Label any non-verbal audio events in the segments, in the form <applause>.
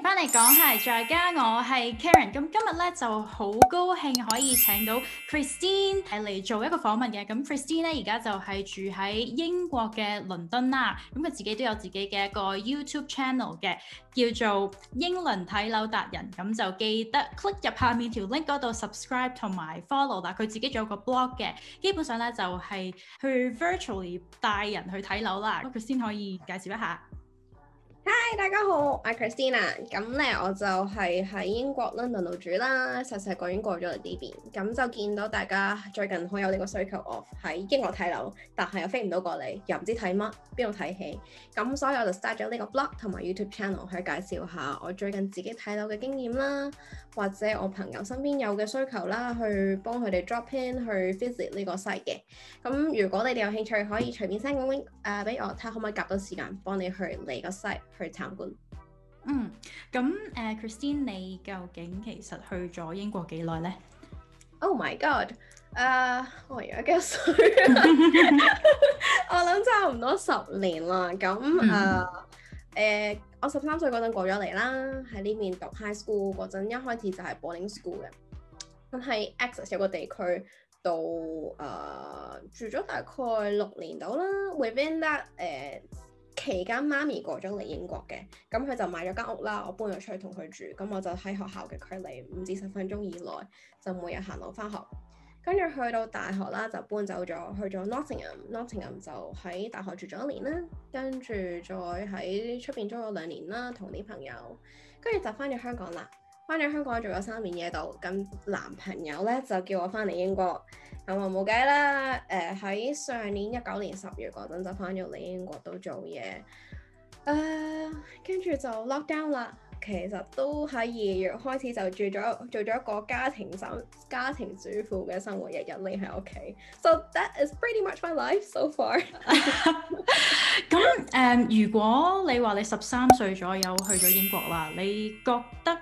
翻嚟講下，在加我係 Karen，咁今日咧就好高興可以請到 Christine 係嚟做一個訪問嘅。咁 Christine 咧而家就係住喺英國嘅倫敦啦，咁佢自己都有自己嘅一個 YouTube channel 嘅，叫做英倫睇樓達人。咁就記得 click 入下面條 link 度 subscribe 同埋 follow 啦。佢自己仲有個 blog 嘅，基本上咧就係去 virtually 帶人去睇樓啦。咁佢先可以介紹一下。Hi，大家好，我係 Christina，咁咧我就係喺英國 London 度住啦，細細個已經過咗嚟呢邊，咁就見到大家最近好有呢個需求喎，喺英國睇樓，但係又飛唔到過嚟，又唔知睇乜，邊度睇戲，咁所以我就 start 咗呢個 blog 同埋 YouTube channel 去介紹下我最近自己睇樓嘅經驗啦。或者我朋友身邊有嘅需求啦，去幫佢哋 drop in 去 visit 呢個 site 嘅。咁如果你哋有興趣，可以隨便 send 個 link 誒、呃、俾我，睇下可唔可以夾到時間幫你去嚟個 site 去參觀。嗯，咁誒、uh,，Christine，你究竟其實去咗英國幾耐咧？Oh my god！誒、uh,，so. <laughs> <laughs> <laughs> 我而家幾歲，我諗差唔多十年啦。咁誒。Uh, 嗯誒、呃，我十三歲嗰陣過咗嚟啦，喺呢邊讀 high school 嗰陣，一開始就係 boarding school 嘅，咁喺 Exeter 個地區到誒、呃、住咗大概六年度啦。Within that 誒、呃、期間，媽咪過咗嚟英國嘅，咁佢就買咗間屋啦，我搬咗出去同佢住，咁我就喺學校嘅距離五至十分鐘以內，就每日行路返學。跟住去到大學啦，就搬走咗，去咗 Nottingham。Nottingham 就喺大學住咗一年啦，跟住再喺出邊租咗兩年啦，同啲朋友。跟住就翻咗香港啦，翻咗香港做咗三年嘢度。咁男朋友咧就叫我翻嚟英國，咁我冇計啦。誒喺上年一九年十月嗰陣就翻咗嚟英國度做嘢，誒跟住就 lockdown 啦。其實都喺二月開始就住咗做咗一個家庭生家庭主婦嘅生活，日日匿喺屋企。So that is pretty much my life so far <laughs> 。咁 <noise> 誒樂， <laughs> um, 如果你話你十三歲左右去咗英國啦，你覺得誒、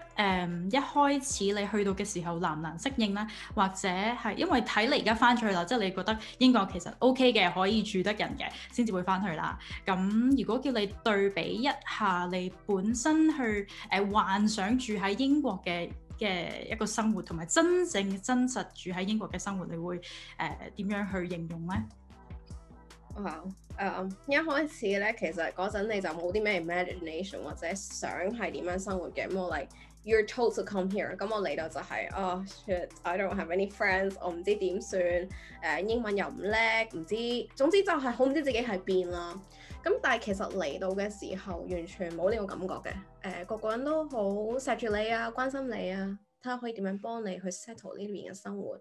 um, 一開始你去到嘅時候難唔難適應咧？或者係因為睇你而家翻咗去啦，即、就、係、是、你覺得英國其實 OK 嘅，可以住得人嘅，先至會翻去啦。咁如果叫你對比一下你本身去，誒幻想住喺英國嘅嘅一個生活，同埋真正真實住喺英國嘅生活，你會誒點、呃、樣去形容咧？啊誒，一開始咧，其實嗰陣你就冇啲咩 imagination 或者想係點樣生活嘅。咁我嚟、like，you're told to come here。咁我嚟到就係、是、，oh shit，I don't have any friends 我。我唔知點算，誒英文又唔叻，唔知，總之就係好唔知自己喺邊啦。咁但係其實嚟到嘅時候，完全冇呢個感覺嘅。誒、呃，個個人都好錫住你啊，關心你啊，睇下可以點樣幫你去 settle 呢邊嘅生活。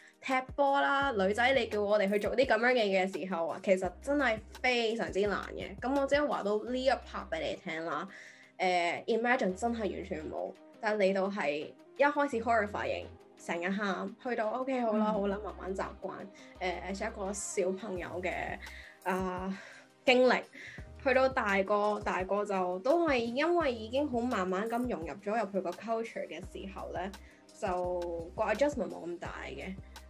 踢波啦、啊，女仔你叫我哋去做啲咁樣嘅嘢嘅時候啊，其實真係非常之難嘅。咁我只係話到呢一 part 俾你聽啦。誒、呃、imagine 真係完全冇，但你到係一開始 horrifying，成日喊，去到 OK 好啦好啦，慢慢習慣。誒、呃，一個小朋友嘅啊、呃、經歷，去到大個大個就都係因為已經好慢慢咁融入咗入去個 culture 嘅時候咧，就個 adjustment 冇咁大嘅。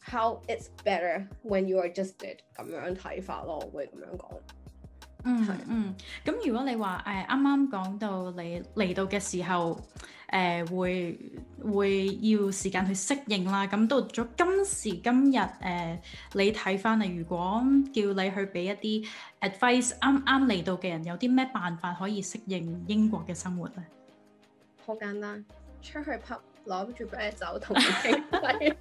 How it's better when you are adjusted 咁樣睇法咯，會咁樣講。嗯嗯，咁是、嗯、如果你話誒啱啱講到你嚟到嘅時候，誒、呃、會會要時間去適應啦。咁、嗯、到咗今時今日，誒、呃、你睇翻嚟，如果叫你去俾一啲 advice，啱啱嚟到嘅人有啲咩辦法可以適應英國嘅生活咧？好簡單，出去 pub，u 攞住啤酒同人 <laughs> <laughs>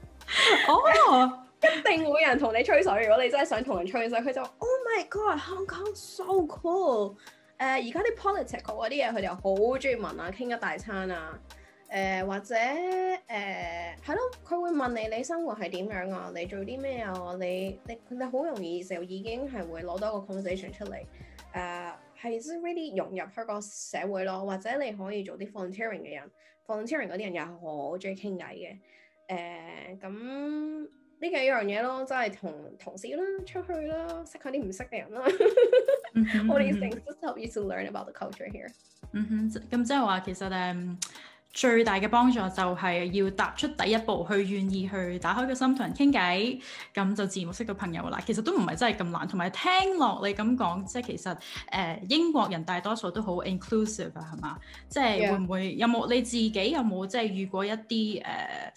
哦， <laughs> 一定會有人同你吹水。如果你真係想同人吹水，佢就 Oh my God，Hong Kong so cool。誒、uh，而家啲 politics 嗰啲嘢，佢哋好中意問啊，傾一大餐啊。誒、uh，或者誒，係、uh, 咯，佢會問你你生活係點樣啊，你做啲咩啊，你你哋好容易就已經係會攞到個 conversation 出嚟。誒，係 really 融入香港社會咯、啊。或者你可以做啲 volunteering 嘅人，volunteering 嗰啲人又好中意傾偈嘅。誒，咁呢幾樣嘢咯，真係同同事啦，出去啦，識下啲唔識嘅人啦。我哋成日都 help you to learn about the culture here。嗯哼，咁即係話其實誒。最大嘅幫助就係要踏出第一步，去願意去打開個心同人傾偈，咁就自然會識到朋友噶啦。其實都唔係真係咁難，同埋聽落你咁講，即係其實誒、呃、英國人大多數都好 inclusive 啊，係嘛？即係會唔會 Yeah. 有冇你自己有冇即係遇過一啲誒、呃、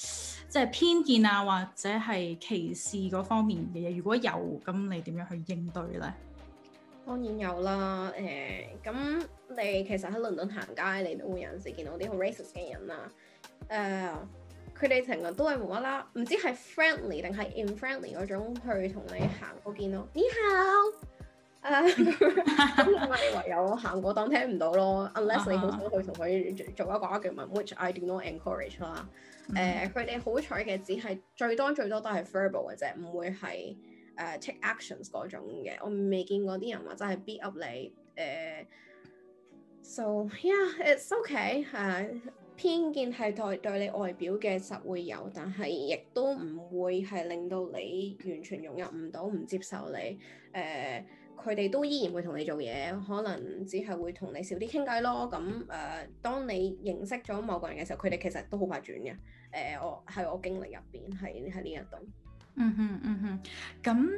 即係偏見啊，或者係歧視嗰方面嘅嘢？如果有，咁你點樣去應對呢？當然有啦，誒、呃、咁你其實喺倫敦行街，你都會有陣時見到啲好 racist 嘅人啦，誒佢哋成日都係無啦啦，唔知係 friendly 定係 unfriendly 嗰種去同你行過見咯，你好，誒咁咪唯有行過當聽唔到咯，unless 你好想去同佢做一個 argument，which I do not encourage 啦，誒佢哋好彩嘅只係最多最多都係 verbal 嘅啫，唔會係。誒、uh, take actions 嗰種嘅，我未見過啲人話真係 beat up 你誒、uh,，so yeah it's okay、uh, 偏見係對對你外表嘅實會有，但係亦都唔會係令到你完全融入唔到，唔接受你誒，佢、uh, 哋都依然會同你做嘢，可能只係會同你少啲傾偈咯。咁誒，當你認識咗某個人嘅時候，佢哋其實都好快轉嘅。誒、uh,，我喺我經歷入邊係係呢一度。嗯哼嗯哼，咁、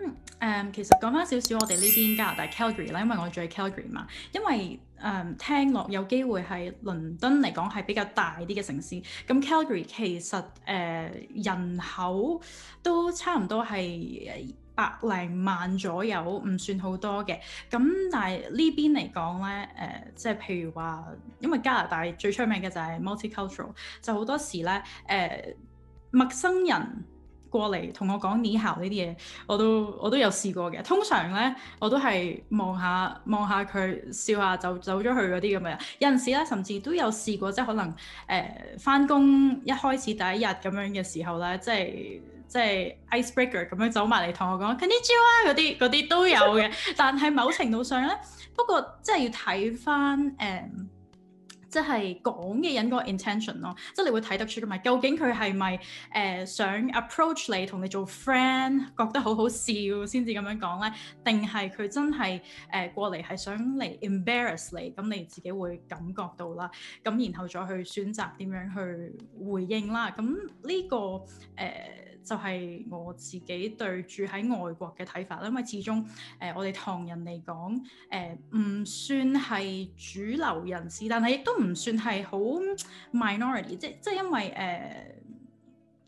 嗯、誒、呃、其實講翻少少，我哋呢邊加拿大 Calgary 啦，因為我住喺 Calgary 嘛。因為誒、呃、聽落有機會係倫敦嚟講係比較大啲嘅城市。咁 Calgary 其實誒、呃、人口都差唔多係百零萬左右，唔算好多嘅。咁但係呢邊嚟講咧誒，即係譬如話，因為加拿大最出名嘅就係 multicultural，就好多時咧誒、呃、陌生人，過嚟同我講你 e 呢啲嘢，我都我都有試過嘅。通常咧，我都係望下望下佢笑下就走咗去嗰啲咁嘅。有陣時咧，甚至都有試過即係可能誒翻工一開始第一日咁樣嘅時候咧，即係即係 icebreaker 咁樣走埋嚟同我講 can you j o 啊嗰啲嗰啲都有嘅。但係某程度上咧， <laughs> 不過即係要睇翻誒。呃即係講嘅人嗰個 intention 咯，即係你會睇得出噶嘛？究竟佢係咪誒想 approach 你同你做 friend，覺得好好笑先至咁樣講呢？定係佢真係誒、呃、過嚟係想嚟 embarrass 你？咁你自己會感覺到啦。咁然後再去選擇點樣去回應啦。咁呢、這個誒。呃就係我自己對住喺外國嘅睇法啦，因為始終誒、呃、我哋唐人嚟講誒唔算係主流人士，但係亦都唔算係好 minority，即即係因為誒、呃、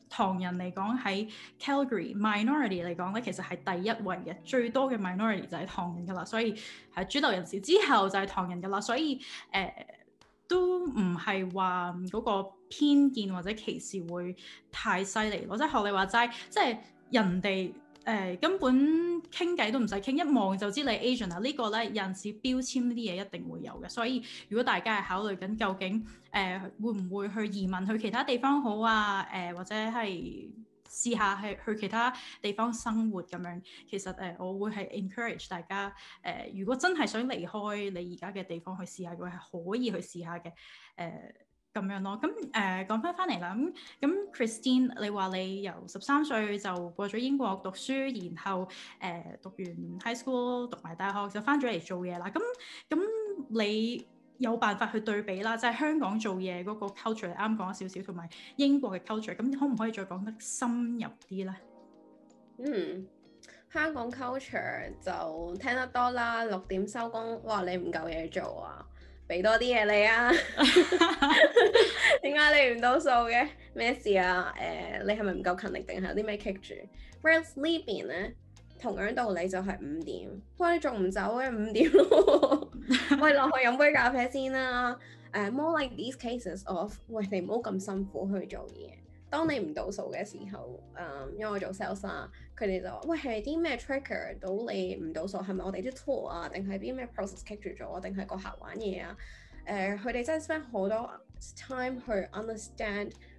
唐人嚟講喺 Calgary minority 嚟講咧，其實係第一位嘅，最多嘅 minority 就係唐人㗎喇，所以係主流人士之後就係唐人㗎喇，所以誒。呃都唔係話嗰個偏見或者歧視會太犀利咯，即係學你話齋，即係人哋誒根本傾偈都唔使傾，一望就知你 Asian 啦。呢個咧，人事標籤呢啲嘢一定會有嘅。所以如果大家係考慮緊究竟誒、呃、會唔會去移民去其他地方好啊？誒、呃、或者係，試下係去其他地方生活咁樣，其實誒、呃、我會係 encourage 大家誒、呃，如果真係想離開你而家嘅地方去試下，嘅話係可以去試下嘅誒咁樣咯。咁、呃、誒講翻翻嚟啦，咁、嗯、Christine，你話你由十三歲就過咗英國讀書，然後誒、呃、讀完 high school 讀埋大學就翻咗嚟做嘢啦。咁、嗯、咁、嗯、你？有辦法去對比啦，就係香港做嘢嗰個 culture，啱講少少，同埋英國嘅 culture，咁可唔可以再講得深入啲咧？嗯，香港 culture 就聽得多啦，六點收工，哇，你唔夠嘢做啊，俾多啲嘢你啊，點 <laughs> 解 <laughs> 你唔到數嘅？咩事啊？誒、呃，你係咪唔夠勤力，定係有啲咩 kick 住？Whilst 呢邊咧？同樣道理就係五點，你 <laughs> 喂，你仲唔走嘅？五點，喂落去飲杯咖啡先啦。誒、uh,，more like these cases of，喂，你唔好咁辛苦去做嘢。當你唔到數嘅時候，嗯，因為我做 sales、er, 啊，佢哋就話，喂，係啲咩 trigger 到你唔到數，係咪我哋啲 tool 啊，定係啲咩 process c 卡住咗，定係個客玩嘢啊？誒，佢哋真係 spend 好多 time 去 understand。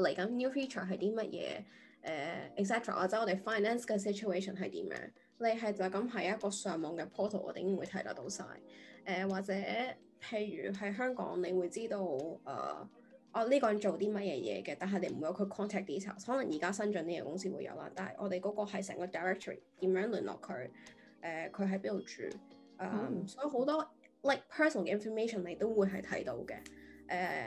嚟緊 new feature 係啲乜嘢？誒、uh,，exactly，或者我哋 finance 嘅 situation 係點樣？你係就咁係一個上網嘅 portal，我哋已經會睇得到晒。誒、uh,，或者譬如喺香港，你會知道誒，我、uh, 呢、啊這個人做啲乜嘢嘢嘅，但係你唔會有佢 contact details。可能而家新進呢樣公司會有啦，但係我哋嗰個係成個 directory，點樣聯絡佢？誒，佢喺邊度住？Um, 嗯，所以好多 like personal 嘅 information 你都會係睇到嘅。誒、uh,。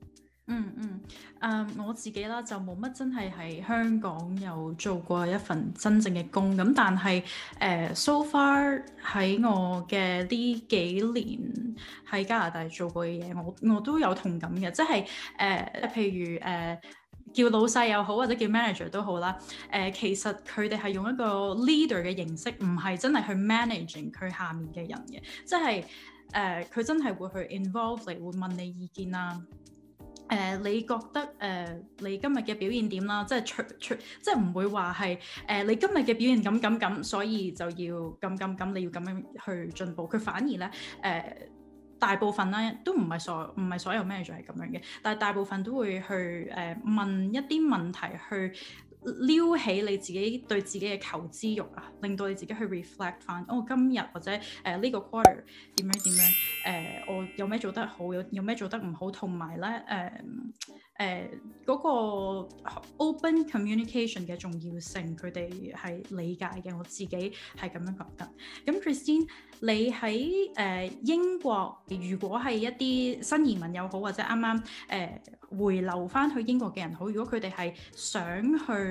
嗯嗯，誒、嗯、我自己啦，就冇乜真係喺香港有做過一份真正嘅工咁，但係誒、呃、so far 喺我嘅呢幾年喺加拿大做過嘅嘢，我我都有同感嘅，即係誒、呃、譬如誒、呃、叫老細又好或者叫 manager 都好啦，誒、呃、其實佢哋係用一個 leader 嘅形式，唔係真係去 managing 佢下面嘅人嘅，即係誒佢真係會去 involve 你，會問你意見啦。誒、呃，你覺得誒、呃，你今日嘅表現點啦？即係出出，即係唔會話係誒，你今日嘅表現咁咁咁，所以就要咁咁咁，你要咁樣去進步。佢反而咧誒、呃，大部分咧都唔係所唔係所有咩就 n 係咁樣嘅，但係大部分都會去誒、呃、問一啲問題去。撩起你自己對自己嘅求知欲啊，令到你自己去 reflect 翻，哦，今日或者誒呢、呃這個 quarter 點樣點樣誒、呃、我有咩做得好，有有咩做得唔好，同埋咧誒誒嗰個 open communication 嘅重要性，佢哋係理解嘅。我自己係咁樣覺得。咁 Christine，你喺誒、呃、英國，如果係一啲新移民又好，或者啱啱誒回流翻去英國嘅人好，如果佢哋係想去。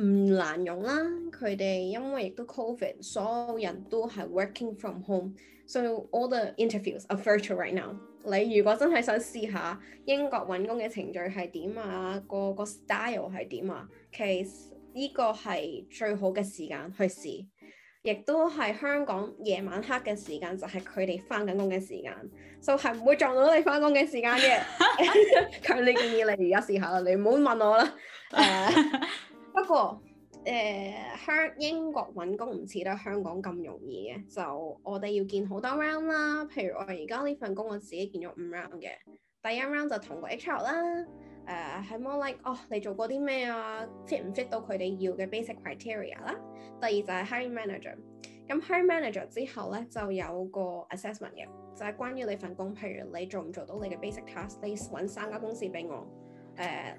唔難用啦，佢哋因為亦都 Covid，所有人都係 working from home，所以、so, all the interviews are virtual right now。你如果真係想試下英國揾工嘅程序係點啊，個個 style 係點啊，其實依個係最好嘅時間去試，亦都係香港夜晚黑嘅時間就係佢哋翻緊工嘅時間，就係、是、唔會撞到你翻工嘅時間嘅。 <laughs> <laughs> 強烈建議你而家試下啦，你唔好問我啦。 <laughs> <laughs> 不過，誒、呃、喺英國揾工唔似得香港咁容易嘅，就我哋要見好多 round 啦。譬如我而家呢份工，我自己見咗五 round 嘅。第一 round 就同個 HR 啦，誒、呃、係 more like 哦，你做過啲咩啊？fit 唔 fit 到佢哋要嘅 basic criteria 啦。第二就係 hiring manager，咁 hiring manager 之後咧就有個 assessment 嘅，就係、是、關於你份工，譬如你做唔做到你嘅 basic task，你揾三間公司俾我，誒、呃。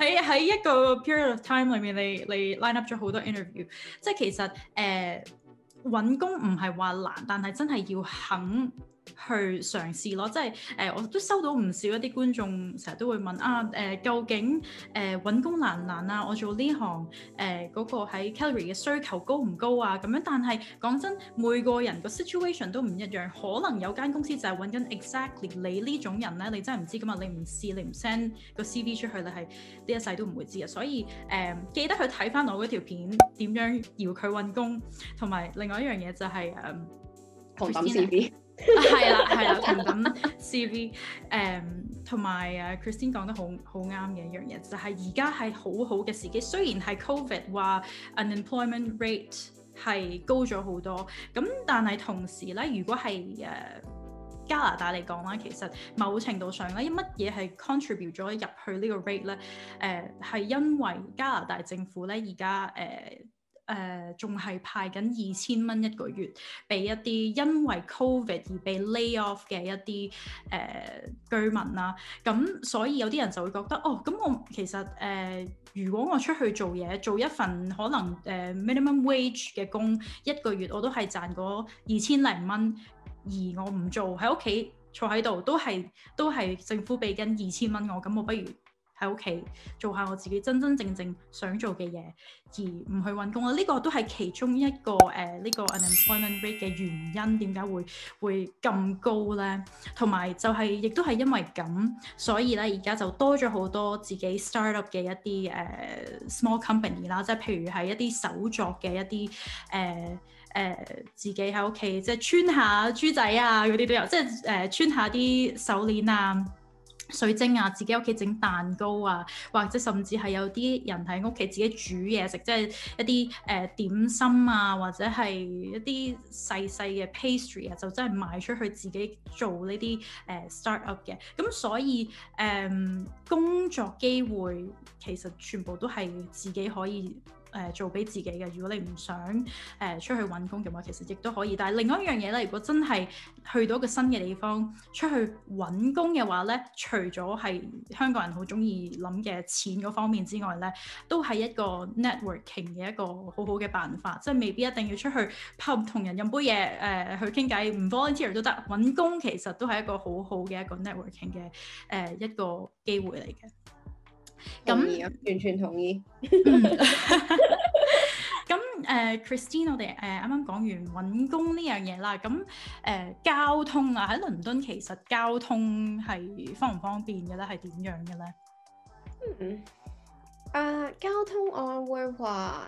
喺喺一個 period of time 裏面，你你 line up 咗好多 interview，即係其實誒搵、呃、工唔係話難，但係真係要肯。去嘗試咯，即係誒、呃，我都收到唔少一啲觀眾成日都會問啊誒、呃，究竟誒揾、呃、工難唔難啊？我做呢行誒嗰、呃那個喺 Calgary 嘅需求高唔高啊？咁樣，但係講真，每個人個 situation 都唔一樣，可能有間公司就係揾緊 exactly 你呢種人咧，你真係唔知㗎嘛，你唔試，你唔 send 個 CV 出去，你係呢一世都唔會知啊。所以誒、呃，記得去睇翻我嗰條片點樣搖佢揾工，同埋另外一樣嘢就係、是、誒，狂抌、嗯、CV。係啦， <laughs> <laughs> 係、啊、啦，同等 CV，誒同埋誒，Christine 講得好好啱嘅一樣嘢，就係而家係好好嘅時機。雖然係 Covid 話 unemployment rate 係高咗好多，咁但係同時咧，如果係誒、呃、加拿大嚟講啦，其實某程度上咧，乜嘢係 contribute 咗入去呢個 rate 咧？誒、呃、係因為加拿大政府咧而家誒。誒仲係派緊二千蚊一個月俾一啲因為 covid 而被 lay off 嘅一啲誒、呃、居民啦、啊，咁所以有啲人就會覺得，哦，咁我其實誒、呃，如果我出去做嘢，做一份可能誒、呃、minimum wage 嘅工，一個月我都係賺嗰二千零蚊，而我唔做喺屋企坐喺度，都係都係政府俾緊二千蚊我，咁我不如，喺屋企做下我自己真真正正想做嘅嘢，而唔去揾工啦。呢、這個都係其中一個誒呢、呃這個 unemployment rate 嘅原因，點解會會咁高咧？同埋就係亦都係因為咁，所以咧而家就多咗好多自己 start up 嘅一啲誒、呃、small company 啦，即係譬如係一啲手作嘅一啲誒誒自己喺屋企即係穿下豬仔啊嗰啲都有，即係誒、呃、穿下啲手鏈啊。水晶啊，自己屋企整蛋糕啊，或者甚至係有啲人喺屋企自己煮嘢食，即係一啲誒、呃、點心啊，或者係一啲細細嘅 pastry 啊，就真係賣出去，自己做呢啲誒 startup 嘅。咁所以誒、呃、工作機會其實全部都係自己可以。誒、呃、做俾自己嘅，如果你唔想誒、呃、出去揾工嘅話，其實亦都可以。但係另外一樣嘢咧，如果真係去到一個新嘅地方出去揾工嘅話咧，除咗係香港人好鍾意諗嘅錢嗰方面之外咧，都係一個 networking 嘅一個好好嘅辦法。即係未必一定要出去泡同人飲杯嘢誒、呃、去傾偈，唔 volunteer 都得。揾工其實都係一個好好嘅一個 networking 嘅誒、呃、一個機會嚟嘅。咁完那全，全同意。咁 <laughs> 誒、 <laughs> uh,，Christine，我哋誒啱啱講完搵工呢樣嘢啦。咁誒，uh, 交通啊，喺倫敦其實交通係方唔方便嘅咧，係點樣嘅咧？嗯，誒、啊，交通我會話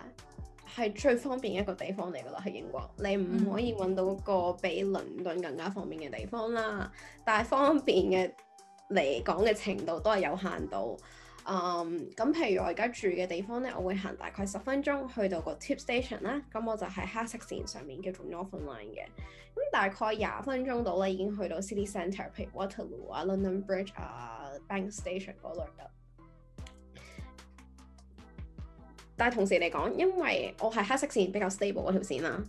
係最方便嘅一個地方嚟噶啦，喺英國你唔可以搵到個比倫敦更加方便嘅地方啦。嗯、但係方便嘅嚟講嘅程度都係有限度。嗯，咁、um, 譬如我而家住嘅地方咧，我會行大概十分鐘去到個 Tube Station 啦。咁我就喺黑色線上面叫做 Northern Line 嘅。咁大概廿分鐘到咧已經去到 City Centre，譬如 Waterloo 啊、London Bridge 啊、Bank Station 嗰類嘅。但係同時嚟講，因為我係黑色線比較 stable 嗰條線啦、啊。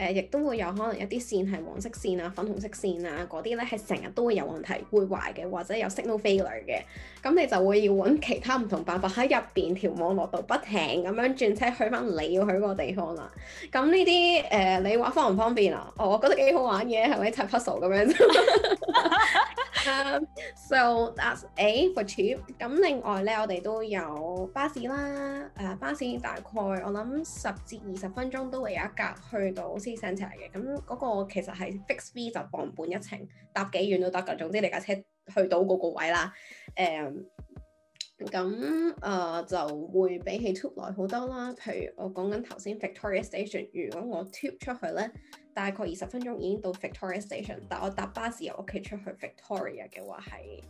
誒，亦、呃、都會有可能有啲線係黃色線啊、粉紅色線啊，嗰啲咧係成日都會有問題，會壞嘅，或者有 signal failure 嘅，咁你就會要揾其他唔同辦法喺入面條網絡度不停咁樣轉車去返你要去嗰個地方啦。咁呢啲誒，你話方唔方便啊？哦、我覺得幾好玩嘅，係咪 type puzzle 咁樣？So that's A for tube。咁另外咧，我哋都有巴士啦。誒、呃，巴士大概我諗十至二十分鐘都會有一格去到。cents 嚟嘅，咁嗰個其實係 fix V 就磅半一程，搭幾遠都得噶。總之你架車去到嗰個位啦，誒、uh,，咁、uh, 啊就會比起 tube 耐好多啦。譬如我講緊頭先 Victoria Station，如果我 tube 出去咧，大概二十分鐘已經到 Victoria Station，但我搭巴士由屋企出去 Victoria 嘅話係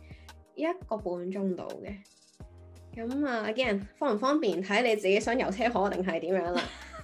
一個半鐘到嘅。咁啊、uh,，again 方唔方便睇你自己想遊車河定係點樣啦。 <laughs>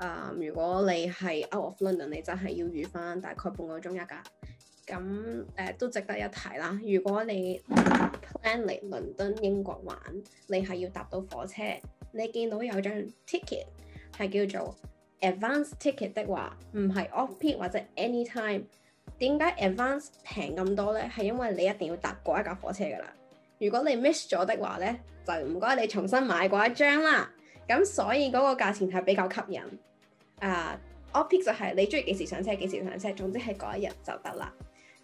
誒，um, 如果你係 Out of London，你就係要預翻大概半個鐘一架，咁誒、呃、都值得一提啦。如果你 plan 嚟倫敦英國玩，你係要搭到火車，你見到有張 ticket 係叫做 Advance Ticket 的話，唔係 Off Peak 或者 Anytime，點解 Advance 平咁多咧？係因為你一定要搭嗰一架火車噶啦。如果你 miss 咗的話咧，就唔該你重新買過一張啦。咁所以嗰個價錢係比較吸引。啊 office 就係你中意幾時上車幾時上車，總之係嗰一日就得啦。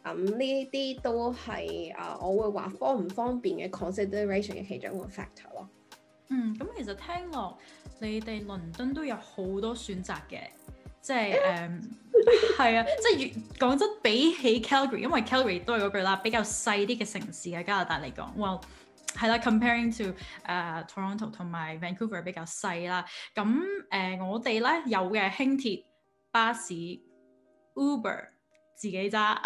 咁呢啲都係啊，uh, 我會話方唔方便嘅 consideration 嘅其中一個 factor 咯。嗯，咁其實聽落，你哋倫敦都有好多選擇嘅，即係誒，係、um, <laughs> 啊，即係越講真，比起 Calgary，因為 Calgary 都係嗰句啦，比較細啲嘅城市嘅加拿大嚟講，哇！係啦，comparing to 誒 Toronto 同埋 Vancouver 比較細啦。咁誒，我哋咧有嘅輕鐵、巴士、Uber 自己揸，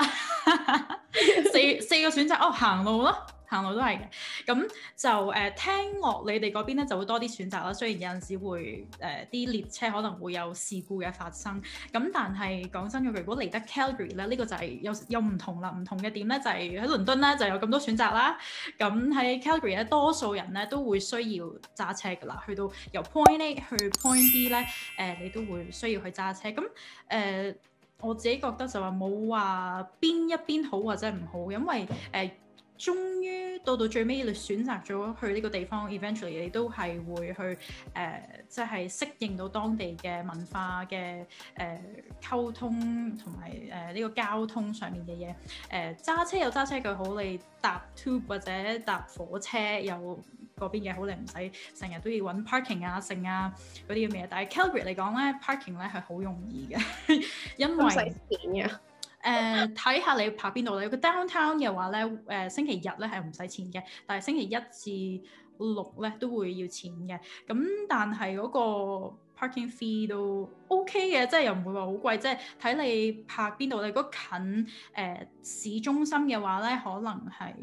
四四個選擇，哦，行路咯。行路都係嘅，咁就誒、呃、聽落你哋嗰邊咧就會多啲選擇啦。雖然有陣時會誒啲、呃、列車可能會有事故嘅發生，咁但係講真嘅，如果嚟得 Calgary 咧，呢、這個就係有有唔同啦。唔同嘅點咧就係、是、喺倫敦咧就有咁多選擇啦。咁喺 Calgary 咧，多數人咧都會需要揸車噶啦，去到由 Point A 去 Point B 咧，誒、呃、你都會需要去揸車。咁誒、呃、我自己覺得就話冇話邊一邊好或者唔好，因為誒。呃終於到到最尾你選擇咗去呢個地方，eventually 你都係會去誒，即係適應到當地嘅文化嘅誒、呃、溝通同埋誒呢個交通上面嘅嘢。誒、呃、揸車有揸車佢好，你搭 tube 或者搭火車有嗰邊嘅好，你唔使成日都要揾 parking 啊剩啊嗰啲嘅咩。但係 Calgary 嚟講咧，parking 咧係好容易嘅， <laughs> 因為唔使錢嘅。誒睇、uh, <laughs> 下你泊邊度啦，你個 downtown 嘅話咧，誒、呃、星期日咧係唔使錢嘅，但係星期一至六咧都會要錢嘅。咁但係嗰個 parking fee 都 OK 嘅，即係又唔會話好貴，即係睇你泊邊度，你如果近誒、呃、市中心嘅話咧，可能係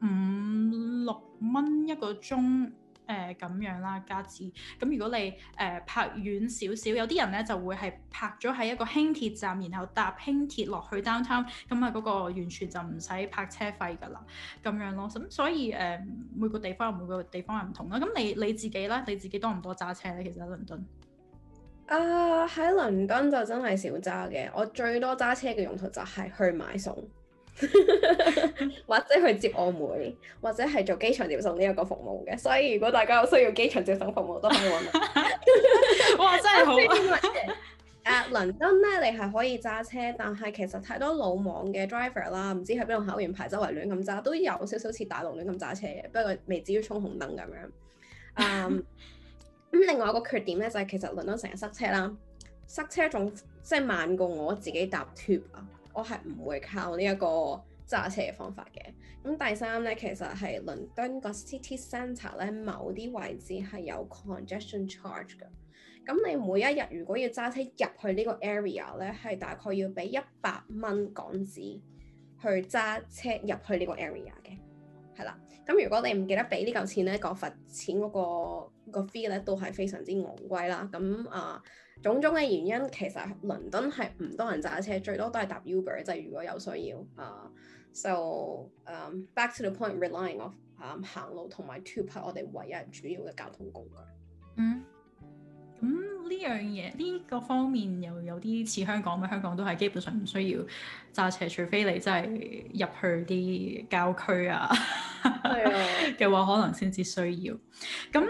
五六蚊一個鐘。誒咁樣啦，加之咁如果你誒、呃、拍遠少少，有啲人咧就會係拍咗喺一個輕鐵站，然後搭輕鐵落去 down town，咁啊嗰個完全就唔使泊車費噶啦，咁樣咯。咁所以誒、呃、每個地方每個地方係唔同啦。咁你你自己咧，你自己多唔多揸車咧？其實喺倫敦啊，喺、uh, 倫敦就真係少揸嘅。我最多揸車嘅用途就係去買餸。 <laughs> 或者去接我妹、妹，或者係做機場接送呢一個服務嘅。所以如果大家有需要機場接送服務，都可以搵我。 <laughs> <laughs> 哇，真係好、啊！誒， <laughs> 倫敦咧，你係可以揸車，但係其實太多魯莽嘅 driver 啦，唔知喺邊度考完牌周圍亂咁揸，都有少少似大陸亂咁揸車嘅，不過未至於衝紅燈咁樣。嗯，咁另外一個缺點咧，就係其實倫敦成日塞車啦，塞車仲即係慢過我自己搭 tube 啊。我係唔會靠呢一個揸車嘅方法嘅。咁第三呢，其實係倫敦個 city centre 咧，某啲位置係有 congestion charge 嘅。咁你每一日如果要揸車入去呢個 area 呢，係大概要俾一百蚊港紙去揸車入去呢個 area 嘅。係啦，咁如果你唔記得俾呢嚿錢呢，嗰罰錢嗰個個 fee 呢都係非常之昂貴啦。咁啊～、呃種種嘅原因，其實倫敦係唔多人揸車，最多都係搭 Uber。就係如果有需要啊，就、uh, 誒、so, um, back to the point，relying 我誒、um, 行路同埋 tube 係我哋唯一主要嘅交通工具。嗯，咁呢樣嘢呢、呢個方面又有啲似香港咩？香港都係基本上唔需要揸車，除非你真係入去啲郊區啊嘅話，可能先至需要。咁。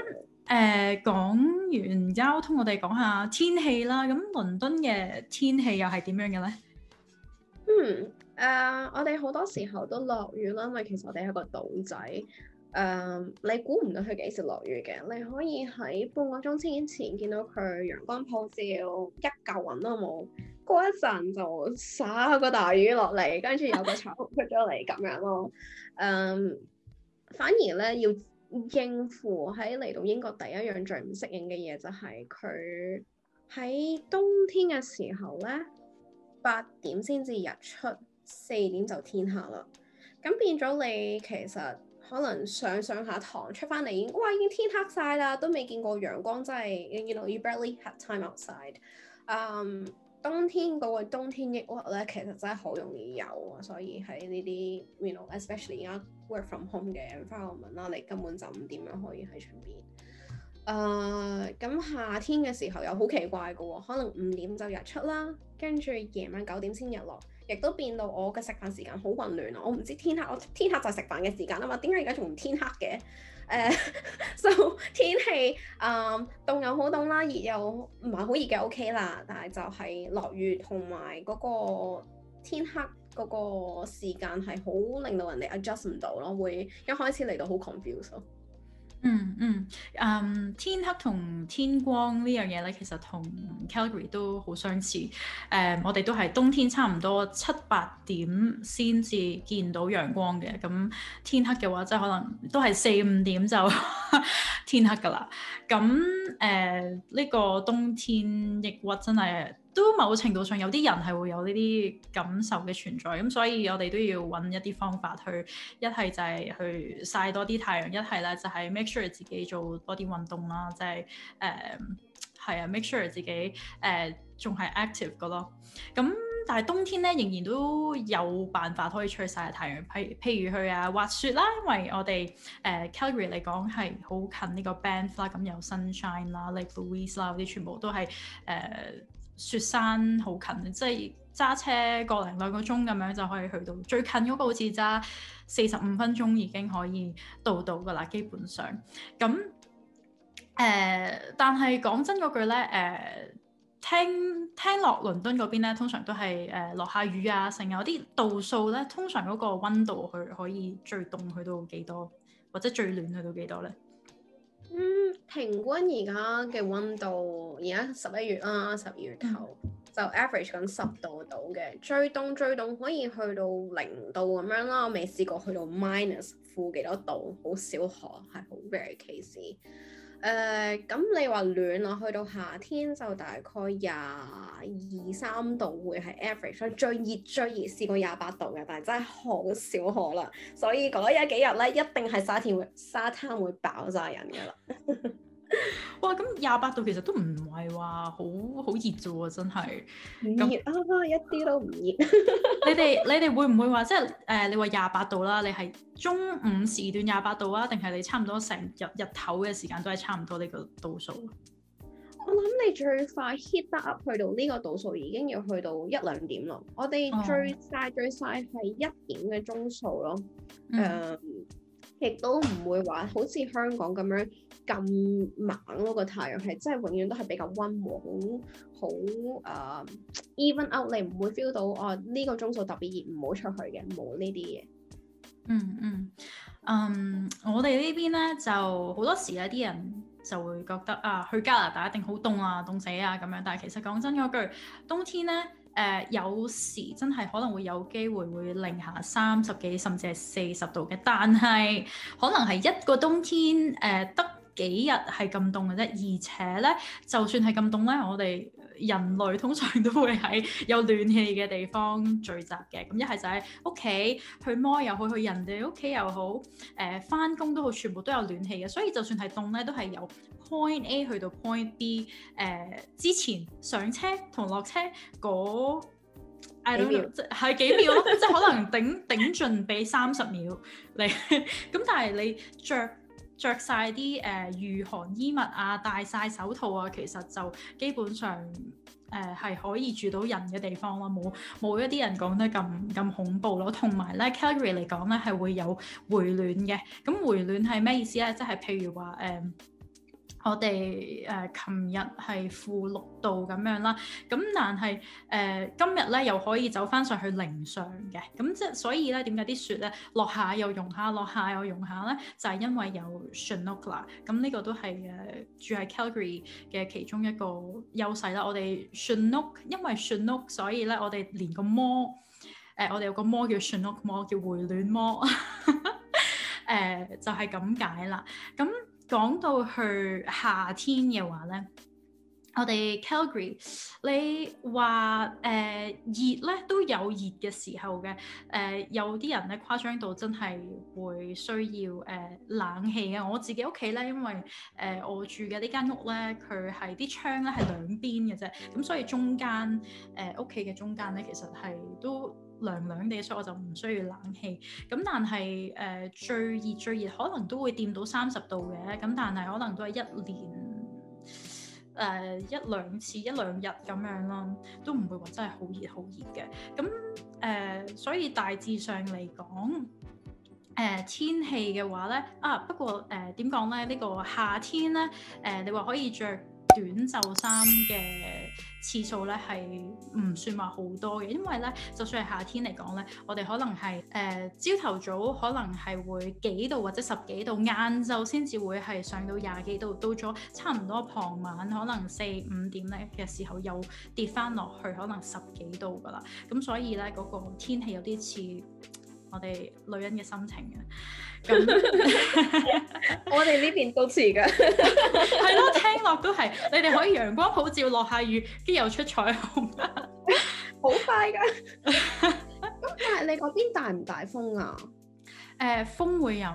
誒，講完交通，我哋講下天氣啦。咁倫敦嘅天氣又係點樣嘅咧？嗯，誒，我哋好多時候都落雨啦，因為其實我哋係個島仔。誒、呃，你估唔到佢幾時落雨嘅。你可以喺半個鐘之前見到佢陽光普照，一嚿雲都冇。過一陣就灑個大雨落嚟，跟住有個彩虹出咗嚟，咁 <laughs> 樣咯。嗯，反而咧要應付喺嚟到英國第一樣最唔適應嘅嘢，就係佢喺冬天嘅時候咧，八點先至日出，四點就天黑啦。咁變咗你其實可能上上下堂出翻嚟，已經，哇，已經天黑晒啦，都未見過陽光，真係，you know you barely have time outside。嗯，冬天嗰、嗰個冬天抑鬱咧，其實真係好容易有啊，所以喺呢啲，you know especially 而家。work from home 嘅，翻個問啦，你根本就唔點樣可以喺出邊？誒，咁夏天嘅時候又好奇怪嘅喎，可能五點就日出啦，跟住夜晚九點先日落，亦都變到我嘅食飯時間好混亂啊！我唔知天黑，我天黑就係食飯嘅時間啊嘛，點解而家仲唔天黑嘅？誒，就天氣誒，凍、um, 又好凍啦，熱又唔係好熱嘅，OK 啦，但係就係落雨同埋嗰個天黑。嗰個時間係好令到人哋 adjust 唔到咯，會一開始嚟到好 confuse。嗯嗯，誒天黑同天光呢樣嘢咧，其實同 Calgary 都好相似。誒、嗯，我哋都係冬天差唔多七八點先至見到陽光嘅，咁天黑嘅話，即係可能都係四五點就 <laughs> 天黑噶啦。咁誒呢個冬天抑鬱真係～都某程度上有啲人係會有呢啲感受嘅存在，咁、嗯、所以我哋都要揾一啲方法去，一係就係去曬多啲太陽，一係咧就係、是、make sure 自己做多啲運動啦，即係誒係啊，make sure 自己誒仲係 active 嘅咯。咁但係冬天呢，仍然都有辦法可以出去曬太陽，譬譬如去啊滑雪啦，因為我哋誒、呃、Calgary 嚟講係好近呢個 Banff、啊、啦，咁有 sunshine 啦、啊、Lake Louise 啦嗰啲，全部都係誒。啊雪山好近，即係揸車個零兩個鐘咁樣就可以去到。最近嗰個好似揸四十五分鐘已經可以到到噶啦，基本上。咁誒、呃，但係講真嗰句咧，誒、呃、聽聽落倫敦嗰邊咧，通常都係誒落下雨啊。成有啲度數咧，通常嗰個溫度佢可以最凍去到幾多，或者最暖去到幾多咧？嗯，平均而家嘅温度，而家十一月啦，十二月頭、嗯、就 average 緊十度度嘅，最凍最凍可以去到零度咁樣啦，我未試過去到 minus 負幾多度，好少寒，係好 very case。誒咁、uh, 你話暖啊，去到夏天就大概廿二三度會係 average，最熱最熱試過廿八度嘅，但係真係好少可啦。所以嗰日幾日咧，一定係沙灘會沙灘會爆晒人嘅啦。 <laughs> 哇，咁廿八度其實都唔係話好好熱啫，真係唔熱啊，一啲都唔熱。 <laughs> 你哋你哋會唔會話，即係誒、呃，你話廿八度啦，你係中午時段廿八度啊，定係你差唔多成日日頭嘅時間都係差唔多呢個度數？我諗你最快 hit up 去到呢個度數，已經要去到一兩點咯，、啊、點咯。我哋最曬最曬係一點嘅鐘數咯，誒，亦都唔會話好似香港咁樣。咁猛咯！個太陽係真係永遠都係比較溫和，好好誒，even out。你唔會 feel 到哦，呢個鐘數特別熱，唔好出去嘅，冇呢啲嘢。嗯嗯嗯，我哋呢邊呢就好多時有啲人就會覺得啊，去加拿大一定好凍啊，凍死啊咁樣。但係其實講真嗰句，冬天呢，誒、呃，有時真係可能會有機會會零下三十幾，甚至係四十度嘅。但係可能係一個冬天誒、呃、得。幾日係咁凍嘅啫，而且咧，就算係咁凍咧，我哋人類通常都會喺有暖氣嘅地方聚集嘅。咁一係就喺屋企去摸，又好，去去人哋屋企又好，誒翻工都好，全部都有暖氣嘅。所以就算係凍咧，都係由 point A 去到 point B，誒、呃、之前上車同落車嗰，I don't know，即係幾秒咯，即係 <laughs> 可能頂頂盡俾三十秒你。咁 <laughs> 但係你着。着晒啲誒御寒衣物啊，戴晒手套啊，其實就基本上誒係、呃、可以住到人嘅地方咯，冇冇一啲人講得咁咁恐怖咯。同埋咧，Calgary 嚟講咧係會有回暖嘅，咁回暖係咩意思咧？即係譬如話誒。呃我哋誒琴日係負六度咁樣啦，咁但係誒、呃、今日咧又可以走翻上去零上嘅，咁即係所以咧點解啲雪咧落下，下又融下，落下，下又融下咧？就係、是、因為有 Chinook 啦，咁呢個都係誒住喺 Calgary 嘅其中一個優勢啦。我哋 Chinook，因為 Chinook，所以咧我哋連個摩誒、呃，我哋有個摩叫 Chinook 摩，叫回暖摩，誒、 <laughs> 呃、就係、是、咁解啦，咁。講到去夏天嘅話咧，我哋 Calgary，你話誒、呃、熱咧都有熱嘅時候嘅，誒、呃、有啲人咧誇張到真係會需要誒、呃、冷氣嘅。我自己屋企咧，因為誒、呃、我住嘅呢間屋咧，佢係啲窗咧係兩邊嘅啫，咁所以中間誒屋企嘅中間咧其實係都，涼涼哋，所以我就唔需要冷氣。咁但係誒、呃、最熱最熱可能都會掂到三十度嘅，咁但係可能都係一年誒、呃、一兩次一兩日咁樣咯，都唔會話真係好熱好熱嘅。咁誒、呃、所以大致上嚟講，誒、呃、天氣嘅話咧，啊不過誒點講咧呢、呢個夏天咧誒、呃、你話可以着短袖衫嘅。次數咧係唔算話好多嘅，因為咧，就算係夏天嚟講咧，我哋可能係誒朝頭早可能係會幾度或者十幾度，晏晝先至會係上到廿幾度，到咗差唔多傍晚可能四五點咧嘅時候又跌翻落去，可能十幾度噶啦，咁所以咧嗰個天氣有啲似。我哋女人嘅心情嘅，咁我哋呢邊都似嘅，係 <laughs> 咯，聽落都係。你哋可以陽光普照，落下雨，跟住又出彩虹，好 <laughs> <laughs> 快噶的。咁 <laughs> <laughs> 但係你嗰邊大唔大風啊？誒、呃、風會有，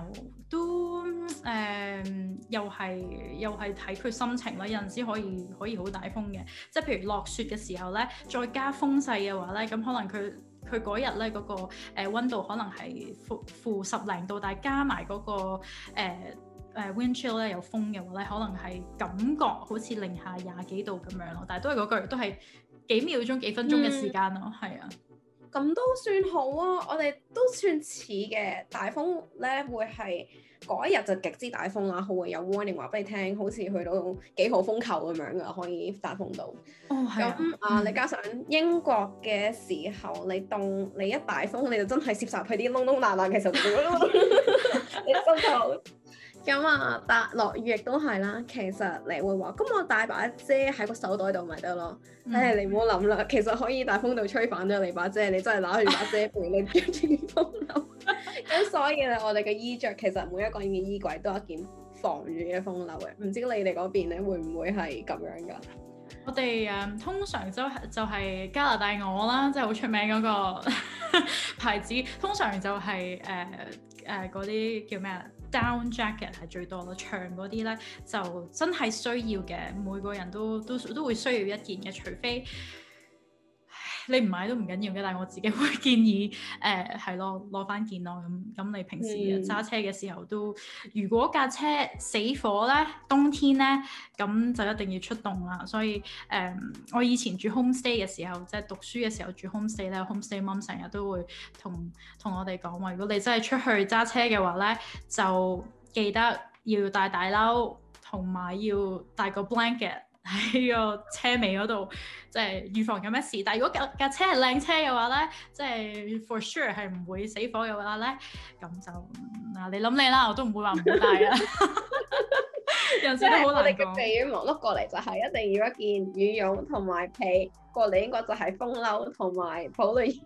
都誒、呃、又係又係睇佢心情啦。有陣時可以可以好大風嘅，即係譬如落雪嘅時候咧，再加風勢嘅話咧，咁可能佢。佢嗰日咧嗰個誒溫、呃、度可能係負負十零度，但係加埋嗰、嗰個誒、呃啊、wind chill 咧有風嘅話咧，可能係感覺好似零下廿幾度咁樣咯。但係都係嗰句，都係幾秒鐘、幾分鐘嘅時間咯。係、嗯、啊，咁都算好啊！我哋都算似嘅，大風咧會係。嗰一日就極之大風啊，好啊，有 warning 話俾你聽，好似去到幾號風球咁樣噶，可以大風到。哦，係咁啊，那、嗯、啊，你加上英國嘅時候，你凍，你一大風，你就真係攝集佢啲窿窿罅罅嘅石子。 <laughs> 你心球。咁啊， <laughs> 大落雨亦都係啦。其實你會話，咁我帶把遮喺個手袋度咪得咯。唉、嗯哎，你唔好諗啦。其實可以大風到吹反咗你把遮，你真係攞住把遮陪你住天風。 <laughs> <laughs> 咁、嗯、所以咧，我哋嘅衣着其實每一個嘅衣櫃都有一件防雨嘅風褸嘅。唔知你哋嗰邊咧會唔會係咁樣噶？我哋誒、嗯、通常就是、就係、是、加拿大鵝啦，即係好出名嗰、那個 <laughs> 牌子。通常就係誒誒嗰啲叫咩 Down jacket 係最多咯，長嗰啲咧就真係需要嘅，每個人都都都，都會需要一件嘅，除非。你唔買都唔緊要嘅，但係我自己會建議，誒係咯，攞翻件咯。咁咁你平時揸車嘅時候都，嗯、如果架車死火咧，冬天咧，咁就一定要出動啦。所以誒、呃，我以前住 home stay 嘅時候，即係讀書嘅時候住 home stay 咧，home stay mum 成日都會同同我哋講話，如果你真係出去揸車嘅話咧，就記得要帶大褸，同埋要帶個 blanket。喺個車尾嗰度，即係預防有咩事。但係如果架架車係靚車嘅話咧，即係，for sure 係唔會死火嘅話咧，咁就嗱你諗你啦，我都唔會話唔好帶啊。 <laughs> <laughs> 即係 <music> 我哋嘅被羽毛碌過嚟就係一定要一件羽絨同埋被過嚟應該就係風褸同埋普類。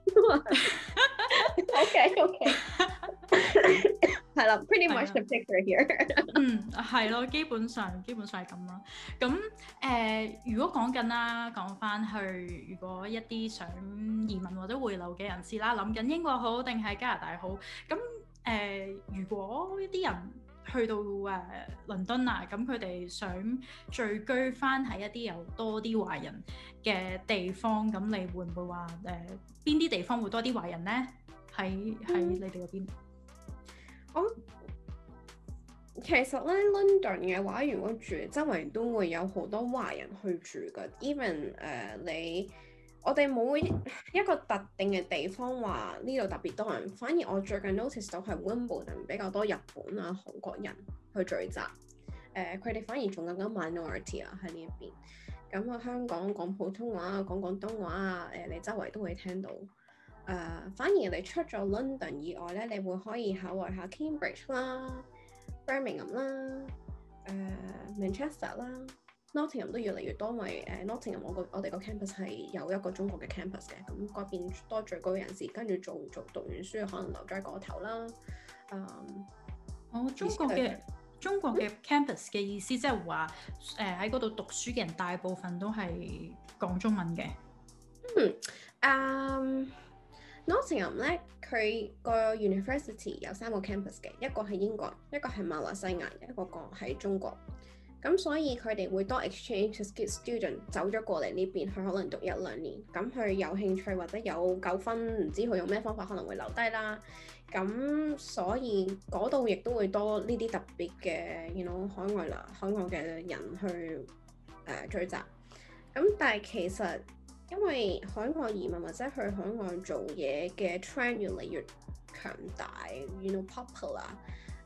OK OK，係 <laughs> 啦 <laughs> ，Pretty much the picture here。嗯，係咯，基本上基本上係咁咯。咁誒、呃，如果講緊啦，講翻去，如果一啲想移民或者回流嘅人士啦，諗緊英國好定係加拿大好？咁誒、呃，如果一啲人。去到誒、呃、倫敦啊，咁佢哋想聚居翻喺一啲有多啲華人嘅地方，咁你會唔會話誒邊啲地方會多啲華人呢？喺喺、嗯、你哋嗰邊、哦？其實咧，倫敦嘅話，如果住周圍都會有好多華人去住㗎，even 誒你。我哋每一一個特定嘅地方話呢度特別多人，反而我最近 notice 到係 Wimbledon 比較多日本啊、韓國人去聚集。誒、呃，佢哋反而仲更加 minority 啊喺呢一邊。咁、嗯、啊，香港講普通話、講廣東話啊，誒、呃，你周圍都會聽到。誒、呃，反而你出咗 London 以外咧，你會可以考慮下 Cambridge 啦、Birmingham 啦、誒、呃、Manchester 啦。Nottingham 都越嚟越多，因為 Nottingham 我個我哋個 campus 係有一個中國嘅 campus 嘅，咁嗰邊多最高人士，跟住做做，做讀完書可能留咗喺嗰頭啦。嗯，我、哦、中國嘅中國嘅 campus 嘅意思即係話誒喺嗰度讀書嘅人大部分都係講中文嘅。嗯，Nottingham 咧，佢、um, 個 university 有三個 campus 嘅，一個係英國，一個係馬來西亞，一個講喺中國。咁所以佢哋會多 exchange student 走咗過嚟呢邊，佢可能讀一兩年，咁佢有興趣或者有夠分，唔知佢用咩方法可能會留低啦。咁所以嗰度亦都會多呢啲特別嘅，你 you know 海外啦，海外嘅人去誒聚集。咁、呃、但係其實因為海外移民或者去海外做嘢嘅 trend 越嚟越強大，you know popular。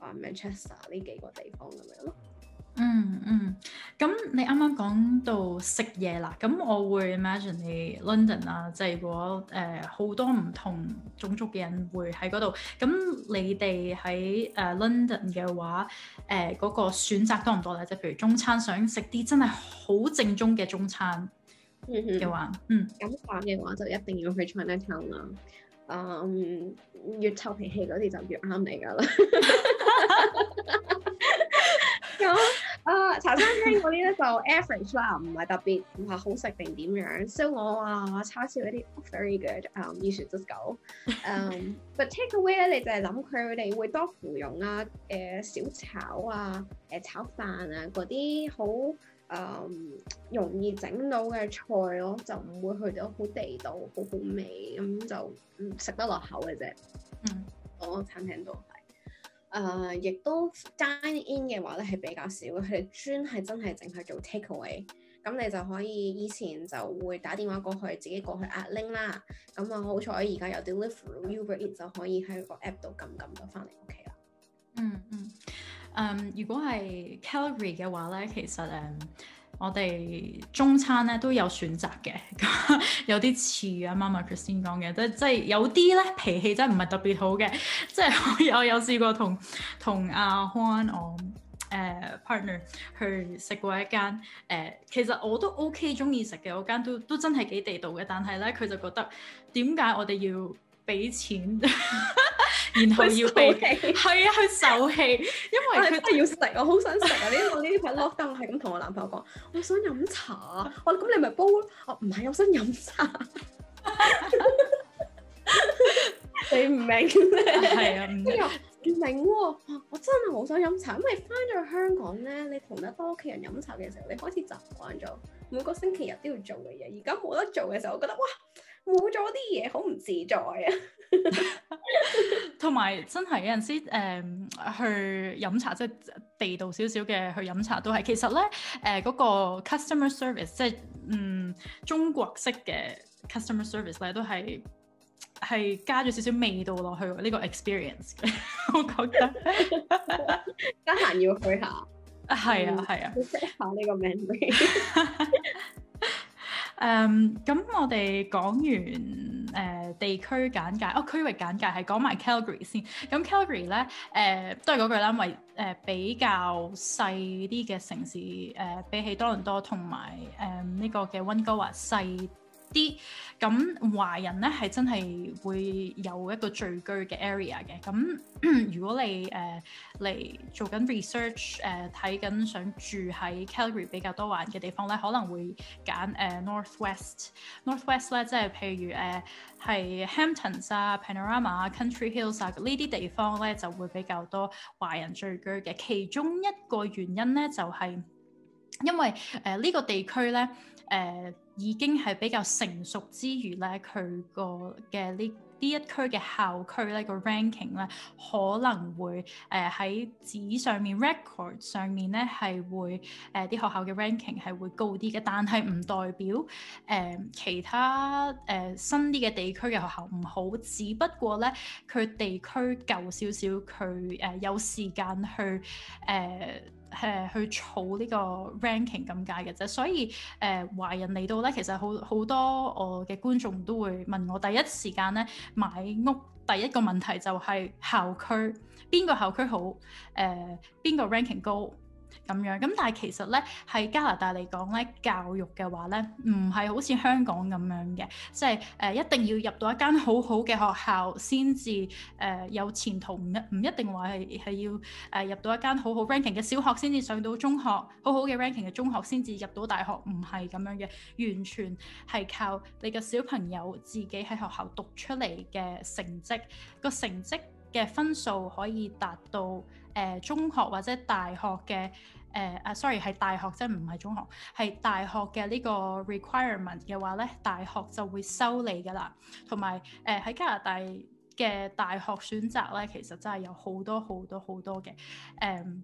話 Manchester 呢幾個地方咁樣，嗯嗯，咁、嗯、你啱啱講到食嘢啦，咁我會 imagine 你 London 啊，即係如果誒好、呃、多唔同種族嘅人會喺嗰度，咁你哋喺誒 London 嘅話，誒、呃、嗰、嗰個選擇多唔多咧？即係譬如中餐，想食啲真係好正宗嘅中餐嘅話，、嗯嗯、話，嗯，飲飯嘅話就一定要去 Chinatown 啦。嗯，um, 越臭脾氣嗰啲就越啱你噶啦。咁啊茶餐廳嗰啲咧就 average 啦，唔係特別，唔係好食定點樣。所以我話叉燒嗰啲 very good，嗯、um,，you should just go、um,。嗯，but takeaway 咧，你就係諗佢哋會多芙蓉啊、誒、呃、小炒啊、誒、呃、炒飯啊嗰啲好。誒、um, 容易整到嘅菜咯，就唔會去到好地道、好好味咁就唔食得落口嘅啫。嗯，我餐廳都係。誒、uh, 亦都 dine-in 嘅話咧係比較少，佢哋專係真係淨係做 takeaway。咁你就可以以前就會打電話過去，自己過去揦拎啦。咁啊好彩而家有 delivery Uber，就可以喺個 app 度撳撳到翻嚟屋企啦。嗯嗯。誒，um, 如果係 Calgary 嘅話咧，其實誒、um, 我哋中餐咧都有選擇嘅， <laughs> 有啲似啊啱啱阿 Christine 講嘅，即即係有啲咧脾氣真係唔係特別好嘅，即係我有我有試過同同阿、啊、寬我誒、呃、partner 去食過一間誒、呃、其實我，OK 我都 OK 中意食嘅間都都真係幾地道嘅，但係咧佢就覺得點解我哋要俾錢。 <laughs> 然後要被，係啊， <laughs> 去受氣，因為佢真係要食，我好想食啊！呢度呢啲台落凳，我係咁同我男朋友講，我想飲茶，我 <laughs> 咁 <laughs> 你咪煲咯。我唔係有心飲茶，你唔明咧，係啊，唔明喎，我真係好想飲茶，因為翻咗去香港咧，你同一多屋企人飲茶嘅時候，你開始習慣咗每個星期日都要做嘅嘢，而家冇得做嘅時候，我覺得哇～冇咗啲嘢，好唔自在啊！同埋真係有陣時，誒，去飲茶即係地道少少嘅去飲茶都係，其實咧，誒，嗰個 customer service 即係，嗯，中國式嘅 customer service 咧，都係係加咗少少味道落去呢個 experience。我覺得得閒要去下，係啊，係啊，set 下呢個 memory。誒咁、um, 我哋講完誒、呃、地區簡介，哦區域簡介係講埋 Calgary 先。咁 Calgary 咧，誒、呃、都係嗰句啦，為誒、呃、比較細啲嘅城市，誒、呃、比起多倫多同埋誒呢個嘅溫哥華細。啲咁、嗯、華人咧係真係會有一個聚居嘅 area 嘅。咁、嗯、如果你誒嚟、呃、做緊 research 誒睇緊想住喺 Calgary 比較多華人嘅地方咧，可能會揀誒 Northwest。Northwest 咧即係譬如誒係、呃、Hamptons 啊、Panorama、啊、Country Hills 啊呢啲地方咧就會比較多華人聚居嘅。其中一個原因咧就係、是、因為誒呢、呃呢個地區咧誒。呃已經係比較成熟之餘呢，佢個嘅呢呢一區嘅校區呢個 ranking 呢可能會誒喺紙上面 record 上面呢係會誒啲、呃、學校嘅 ranking 係會高啲嘅，但係唔代表誒、呃、其他誒、呃、新啲嘅地區嘅學校唔好，只不過呢，佢地區舊少少，佢誒、呃、有時間去誒。呃誒去儲呢個 ranking 咁解嘅啫，所以誒、呃、華人嚟到呢，其實好好多我嘅觀眾都會問我，第一時間呢買屋，第一個問題就係校區，邊個校區好，誒呃、邊個 ranking 高。咁樣，咁但係其實呢，喺加拿大嚟講呢，教育嘅話呢，唔係好似香港咁樣嘅，即係誒、呃、一定要入到一間好好嘅學校先至誒、呃、有前途，唔一唔一定話係係要誒入到一間好好 ranking 嘅小學先至上到中學，好好嘅 ranking 嘅中學先至入到大學，唔係咁樣嘅，完全係靠你嘅小朋友自己喺學校讀出嚟嘅成績，個成績嘅分數可以達到。誒、呃、中學或者大學嘅誒啊，sorry 係大學，即係唔係中學係大學嘅呢個 requirement 嘅話呢，大學就會收你噶啦。同埋誒喺加拿大嘅大學選擇呢，其實真係有好多好多好多嘅誒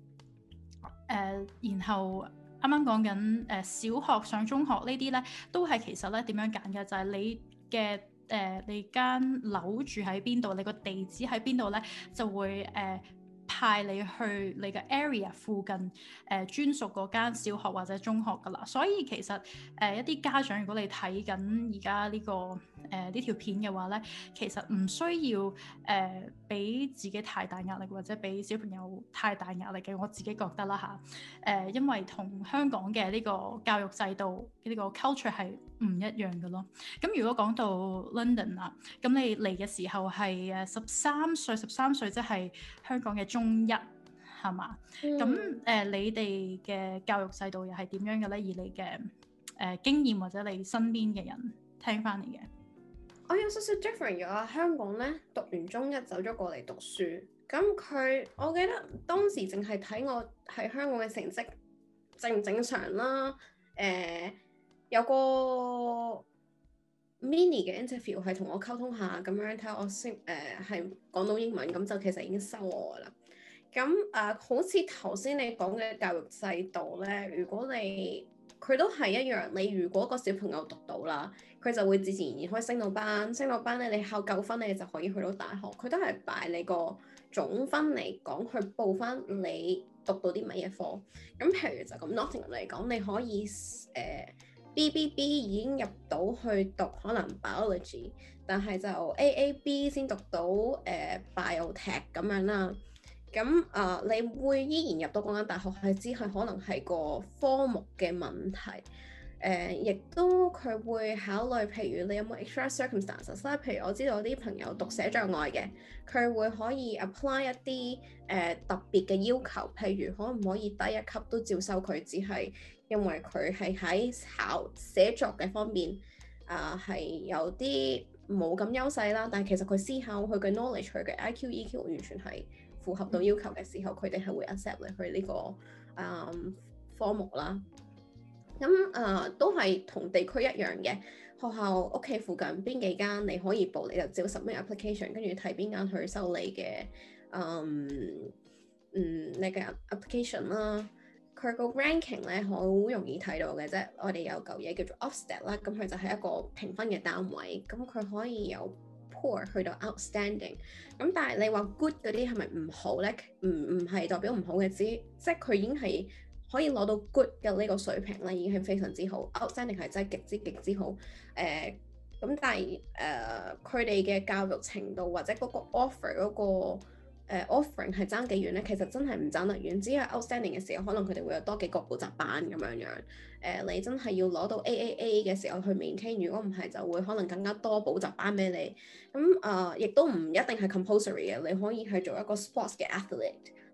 誒。然後啱啱講緊誒小學上中學呢啲呢，都係其實呢點樣揀嘅就係、是、你嘅誒你間樓住喺邊度，你個地址喺邊度呢，就會誒。呃派你去你嘅 area 附近，誒、呃、專屬嗰間小學或者中學噶啦，所以其實誒、呃、一啲家長，如果你睇緊而家呢個誒呢條片嘅話呢，其實唔需要誒俾、呃、自己太大壓力，或者俾小朋友太大壓力嘅。我自己覺得啦嚇誒、呃，因為同香港嘅呢個教育制度呢、呢個 culture 係唔一樣嘅咯。咁如果講到 London 啊，咁你嚟嘅時候係誒十三歲，十三歲即係香港嘅中一係嘛？咁誒、嗯呃，你哋嘅教育制度又係點樣嘅呢？以你嘅誒、呃、經驗或者你身邊嘅人聽翻嚟嘅。我有少少 different 咗啊！香港咧讀完中一走咗過嚟讀書，咁佢我記得當時淨係睇我喺香港嘅成績正唔正常啦。誒有個 mini 嘅 interview 係同我溝通下，咁樣睇我識誒係講到英文，咁就其實已經收我啦。咁啊，好似頭先你講嘅教育制度咧，如果你佢都係一樣，你如果個小朋友讀到啦。佢就會自自然然可以升到班，升到班咧，你考夠分咧就可以去到大學。佢都係擺你個總分嚟講去報翻你讀到啲乜嘢科。咁譬如就咁，Nottingham 嚟講，你可以誒、呃、B B B 已經入到去讀可能 biology，但係就 A A B 先讀到誒、呃、biotech 咁樣啦。咁啊、呃，你會依然入到嗰間大學係知佢可能係個科目嘅問題。誒，亦、呃、都佢會考慮，譬如你有冇 extra circumstances 啦。譬如我知道啲朋友讀寫障礙嘅，佢會可以 apply 一啲誒、呃、特別嘅要求，譬如可唔可以低一級都照收佢，只係因為佢係喺考寫作嘅方面啊係、呃、有啲冇咁優勢啦。但係其實佢思考佢嘅 knowledge，佢嘅 IQ、EQ 完全係符合到要求嘅時候，佢哋係會 accept 你去呢個誒、um，科目啦。咁誒、呃、都係同地區一樣嘅，學校屋企附近邊幾間你可以報，你就照十蚊 application，跟住睇邊間去收你嘅誒嗯呢個 application 啦。佢個 ranking 咧好容易睇到嘅啫，我哋有舊嘢叫做 Ofsted 啦，咁佢就係一個評分嘅單位，咁佢可以有 poor 去到 outstanding，咁但係你話 good 嗰啲係咪唔好咧？唔唔係代表唔好嘅，只即係佢已經係。可以攞到 good 嘅呢個水平咧，已經係非常之好。Outstanding 係真係極之極之好。誒、呃，咁但係誒，佢哋嘅教育程度或者嗰個 offer 嗰、嗰個、呃、offering 係爭幾遠咧？其實真係唔爭得遠。只係 Outstanding 嘅時候，可能佢哋會有多幾個補習班咁樣樣。誒、呃，你真係要攞到 AAA 嘅時候去 maintain。如果唔係，就會可能更加多補習班俾你。咁啊、呃，亦都唔一定係 compulsory 嘅，你可以去做一個 sports 嘅 athlete。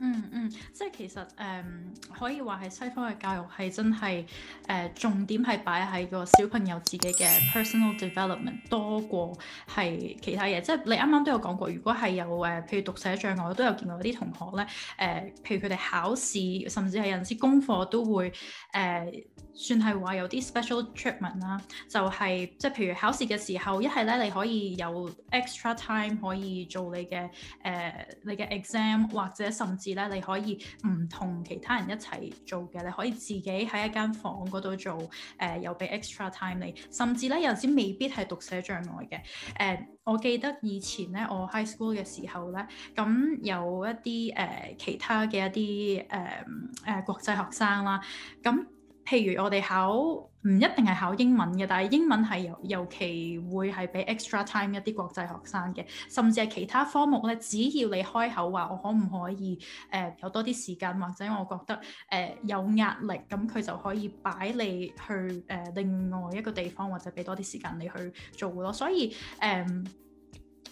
嗯嗯，即係其實誒、嗯，可以話係西方嘅教育係真係誒、呃、重點係擺喺個小朋友自己嘅 personal development 多過係其他嘢。即係你啱啱都有講過，如果係有誒，譬如讀寫障礙，我都有見到啲同學咧，誒、呃，譬如佢哋考試，甚至係有陣時功課都會誒、呃，算係話有啲 special treatment 啦、就係。就係即係譬如考試嘅時候，一係咧你可以有 extra time 可以做你嘅誒、呃、你嘅 exam，或者甚至。咧你可以唔同其他人一齊做嘅，你可以自己喺一間房嗰度做，誒、呃、又俾 extra time 你，甚至咧有啲未必係讀寫障礙嘅。誒、呃，我記得以前咧我 high school 嘅時候咧，咁、嗯、有一啲誒、呃、其他嘅一啲誒誒國際學生啦，咁、嗯。譬如我哋考，唔一定係考英文嘅，但係英文係尤尤其會係俾 extra time 一啲國際學生嘅，甚至係其他科目呢，只要你開口話我可唔可以誒、呃、有多啲時間，或者我覺得誒、呃、有壓力，咁佢就可以擺你去誒、呃、另外一個地方，或者俾多啲時間你去做咯。所以誒、呃，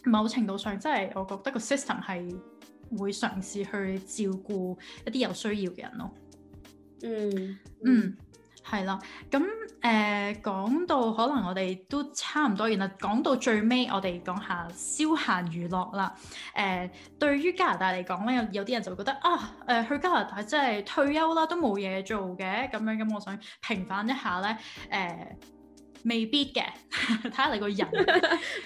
某程度上即係我覺得個 system 係會嘗試去照顧一啲有需要嘅人咯。嗯嗯。嗯係啦，咁誒講到可能我哋都差唔多，然後講到最尾，我哋講下消閒娛樂啦。誒、呃，對於加拿大嚟講咧，有有啲人就會覺得啊，誒、呃、去加拿大即係退休啦都冇嘢做嘅咁樣，咁我想平反一下咧，誒、呃。未必嘅，睇下你個人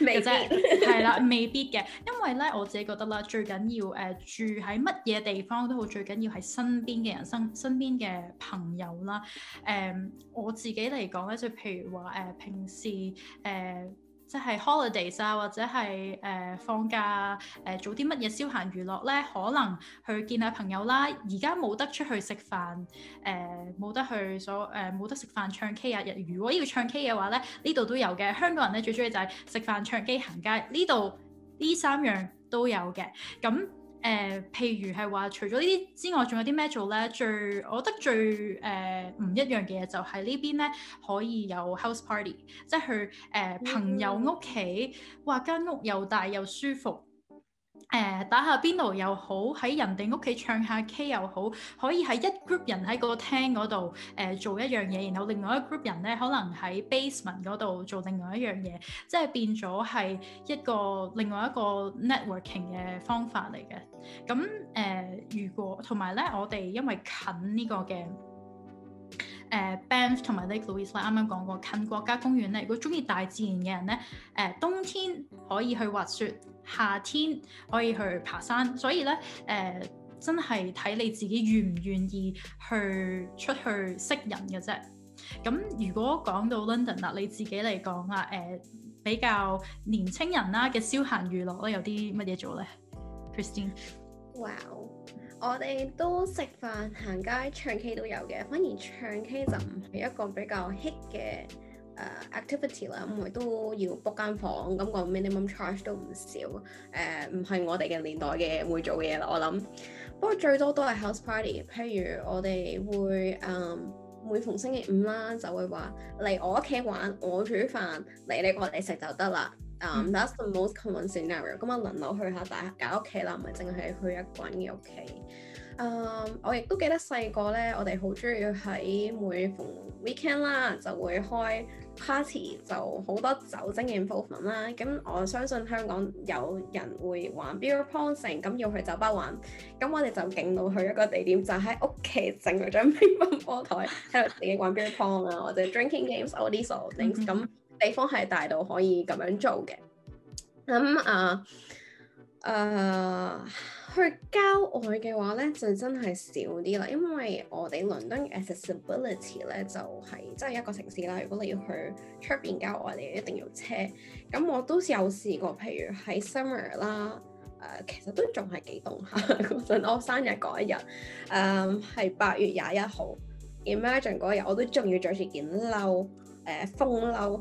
嘅啫，係啦，未必嘅，因為咧我自己覺得啦，最緊要誒、呃、住喺乜嘢地方都好，最緊要係身邊嘅人生身邊嘅朋友啦，誒、呃、我自己嚟講咧，就譬如話誒、呃、平時誒。呃即係 holidays 啊，或者係誒、呃、放假誒、啊呃、做啲乜嘢消閒娛樂呢？可能去見下朋友啦。而家冇得出去食飯誒，冇、呃、得去所誒冇、呃、得食飯唱 K 啊。如果要唱 K 嘅話呢，呢度都有嘅。香港人呢最鍾意就係食飯唱 K 行街，呢度呢三樣都有嘅。咁。誒、呃，譬如係話除咗呢啲之外，仲有啲咩做咧？最我覺得最誒唔、呃、一樣嘅嘢就係呢邊咧，可以有 house party，即係去誒、呃、朋友屋企，哇、嗯，間屋又大又舒服。誒、呃、打下邊爐又好，喺人哋屋企唱下 K 又好，可以喺一 group 人喺個廳嗰度誒做一樣嘢，然後另外一 group 人咧可能喺 basement 嗰度做另外一樣嘢，即係變咗係一個另外一個 networking 嘅方法嚟嘅。咁誒、呃，如果同埋咧，我哋因為近呢個嘅。誒 Banff 同埋 Lake Louise 咧，uh，啱啱講過近國家公園咧。如果中意大自然嘅人咧，誒、呃、冬天可以去滑雪，夏天可以去爬山。所以咧，誒、呃、真係睇你自己願唔願意去出去識人嘅啫。咁如果講到 London 啦，你自己嚟講啊，誒、呃、比較年青人啦嘅消閒娛樂咧，有啲乜嘢做咧？Christine，wow. 我哋都食飯、行街、唱 K 都有嘅，反而唱 K 就唔係一個比較 hit 嘅誒 activity 啦。唔會、嗯、都要 book 間房，咁、個 minimum charge 都唔少。誒、呃，唔係我哋嘅年代嘅會做嘅嘢啦，我諗。不過最多都係 house party，譬如我哋會誒、呃、每逢星期五啦，就會話嚟我屋企玩，我煮飯，嚟你過嚟食就得啦。That's the most common scenario，咁啊輪流去下大家屋企啦，唔係淨係去一個人嘅屋企。我亦都記得細個咧，我哋好中意喺每逢 weekend 啦，就會開 party，就好多酒精嘅 involvement 啦。咁我相信香港有人會玩 beer pong，咁要去酒吧玩，咁我哋就勁到去一個地點，就喺屋企整咗張乒乓波台，喺度自己玩 beer pong 啊，或者 drinking games all these 嗰啲所有 things 咁、嗯。嗯地方係大到可以咁樣做嘅。咁啊，誒去郊外嘅話咧，就真係少啲啦，因為我哋倫敦嘅 accessibility 咧就係即係一個城市啦。如果你要去出邊郊外，你一定要車。咁我都有試過，譬如喺 summer 啦，誒、呃、其實都仲係幾凍下。咁 <laughs> 我生日嗰一、um, 日，誒係八月廿一號，Imagine 嗰日我都仲要着住件褸，誒、呃、風褸。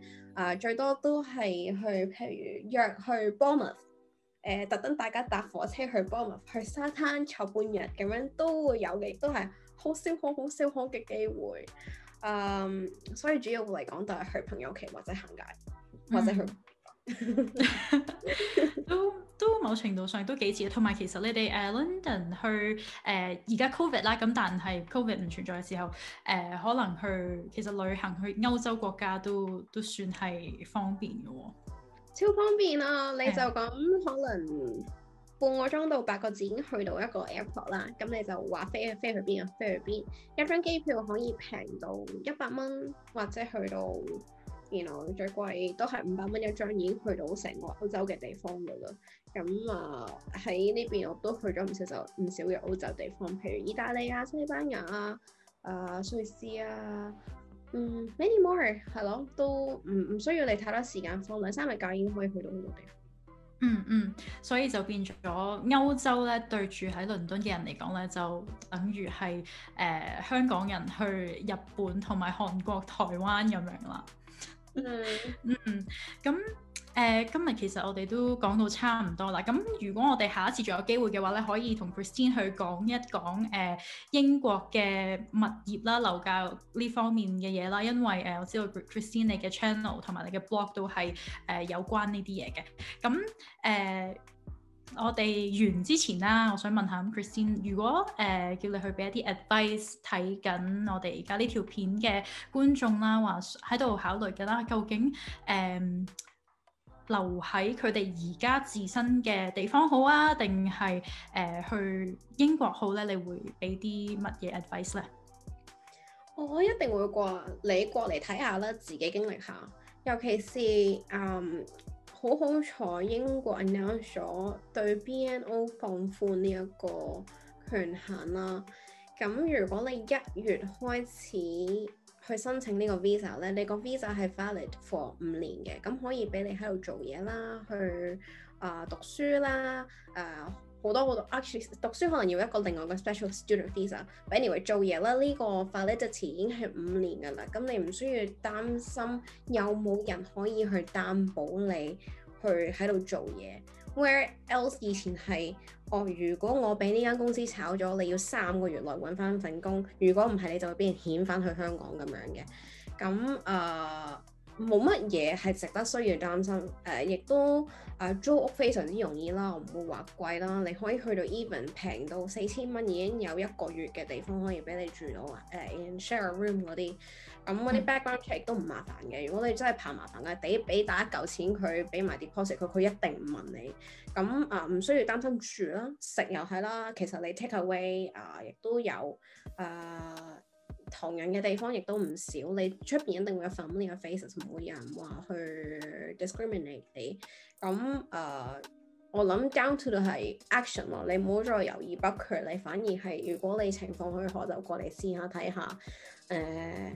啊，uh, 最多都係去，譬如約去 Bournemouth、呃，誒特登大家搭火車去 Bournemouth，去沙灘坐半日咁樣都會有嘅，都係好燒好、好燒好嘅機會。嗯、um,，所以主要嚟講就係去朋友屋企，或者行街、mm hmm. 或者去。 <laughs> 都都某程度上都幾似，同埋其實你哋誒、uh, London 去誒而家 covid 啦，咁、uh, 但係 covid 唔存在嘅時候，誒、uh, 可能去其實旅行去歐洲國家都都算係方便嘅喎，超方便啊！你就咁、uh, 可能半個鐘到八個字已經去到一個 airport 啦，咁你就話飛去飛去邊啊，飛去邊？一張機票可以平到一百蚊，100，或者去到。原來最貴都係五百蚊一張，已經去到成個歐洲嘅地方㗎啦。咁啊喺呢邊我都去咗唔少就唔少嘅歐洲地方，譬如意大利啊、西班牙啊、啊、呃、瑞士啊，嗯，many more 係咯，都唔唔需要你太多時間，放兩三日假已經可以去到好多地方。嗯嗯，所以就變咗歐洲咧，對住喺倫敦嘅人嚟講咧，就等於係誒、呃、香港人去日本同埋韓國、台灣咁樣啦。 <noise> 嗯咁誒、呃、今日其實我哋都講到差唔多啦。咁如果我哋下一次仲有機會嘅話咧，可以同 Christine 去講一講誒、呃、英國嘅物業啦、樓價呢方面嘅嘢啦。因為誒、呃、我知道 Christine 你嘅 channel 同埋你嘅 blog 都係誒、呃、有關呢啲嘢嘅。咁、嗯、誒。呃我哋完之前啦，我想問下咁 Christine，如果誒、呃、叫你去俾一啲 advice，睇緊我哋而家呢條片嘅觀眾啦，或喺度考慮嘅啦，究竟誒、呃、留喺佢哋而家自身嘅地方好啊，定係誒去英國好咧？你會俾啲乜嘢 advice 咧？我一定會過，你過嚟睇下啦，自己經歷下，尤其是誒。Um 好好彩英國 announce 咗對 BNO 放寬呢一個權限啦。咁如果你一月開始去申請呢個 visa 咧，你個 visa 係 valid for 五年嘅，咁可以俾你喺度做嘢啦，去啊、呃、讀書啦，誒、呃。好多好多，讀書可能要一個另外嘅 special student visa anyway。反而做嘢啦，呢個法 a l 已經係五年㗎啦。咁你唔需要擔心有冇人可以去擔保你去喺度做嘢。Where else 以前係，哦，如果我俾呢間公司炒咗，你要三個月內揾翻份工。如果唔係，你就會人遣翻去香港咁樣嘅。咁誒。Uh, 冇乜嘢係值得需要擔心，誒、呃，亦都誒、呃、租屋非常之容易啦，我唔會話貴啦，你可以去到 even 平到四千蚊已經有一個月嘅地方可以俾你住到啊，誒、呃、in share a room 嗰啲，咁嗰啲 background check 亦都唔麻煩嘅，如果你真係怕麻煩嘅，俾俾打嚿錢佢，俾埋 deposit 佢，佢一定唔問你，咁啊唔需要擔心住啦，食又係啦，其實你 take away 啊、呃、亦都有誒。呃唐人嘅地方亦都唔少，你出面一定會有 familiar 嘅 faces，冇人話去 discriminate 你。咁誒，uh, 我諗 down to 係 action 咯，你唔好再猶豫不決，你反而係如果你情況許可就過嚟試下睇下，誒、uh,。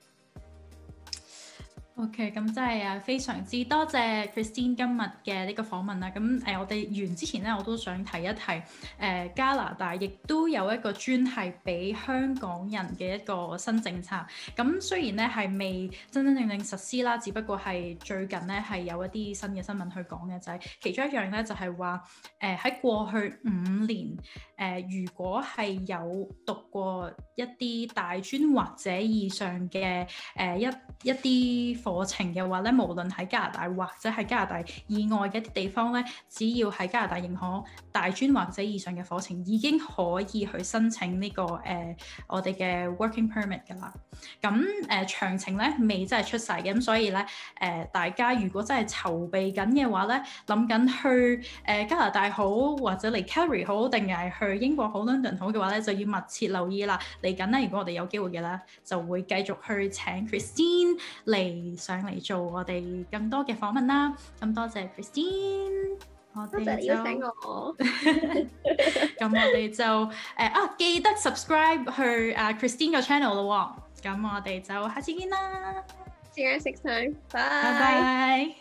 OK，咁真係啊，非常之多謝,謝 h r i s t i n e 今日嘅呢個訪問啦。咁誒，我哋完之前呢，我都想提一提誒、呃、加拿大亦都有一個專係俾香港人嘅一個新政策。咁雖然呢係未真真正正實施啦，只不過係最近呢係有一啲新嘅新聞去講嘅，就係、是、其中一樣呢，就係話誒喺過去五年。誒、呃，如果係有讀過一啲大專或者以上嘅誒、呃、一一啲課程嘅話咧，無論喺加拿大或者喺加拿大以外嘅一啲地方咧，只要喺加拿大認可大專或者以上嘅課程，已經可以去申請、這個呃呃、呢個誒我哋嘅 working permit 噶啦。咁誒詳情咧未真係出曬嘅，咁所以咧誒、呃、大家如果真係籌備緊嘅話咧，諗緊去誒、呃、加拿大好，或者嚟 Calgary 好，定係去？去英國好，London 好嘅話咧，就要密切留意啦。嚟緊咧，如果我哋有機會嘅咧，就會繼續去請 Christine 嚟上嚟做我哋更多嘅訪問啦。咁多謝 Christine，多謝你邀請我。咁我哋就誒啊，記得 subscribe 去啊 Christine 個 channel 咯。咁我哋就下次見啦。Zero Six Nine，拜拜。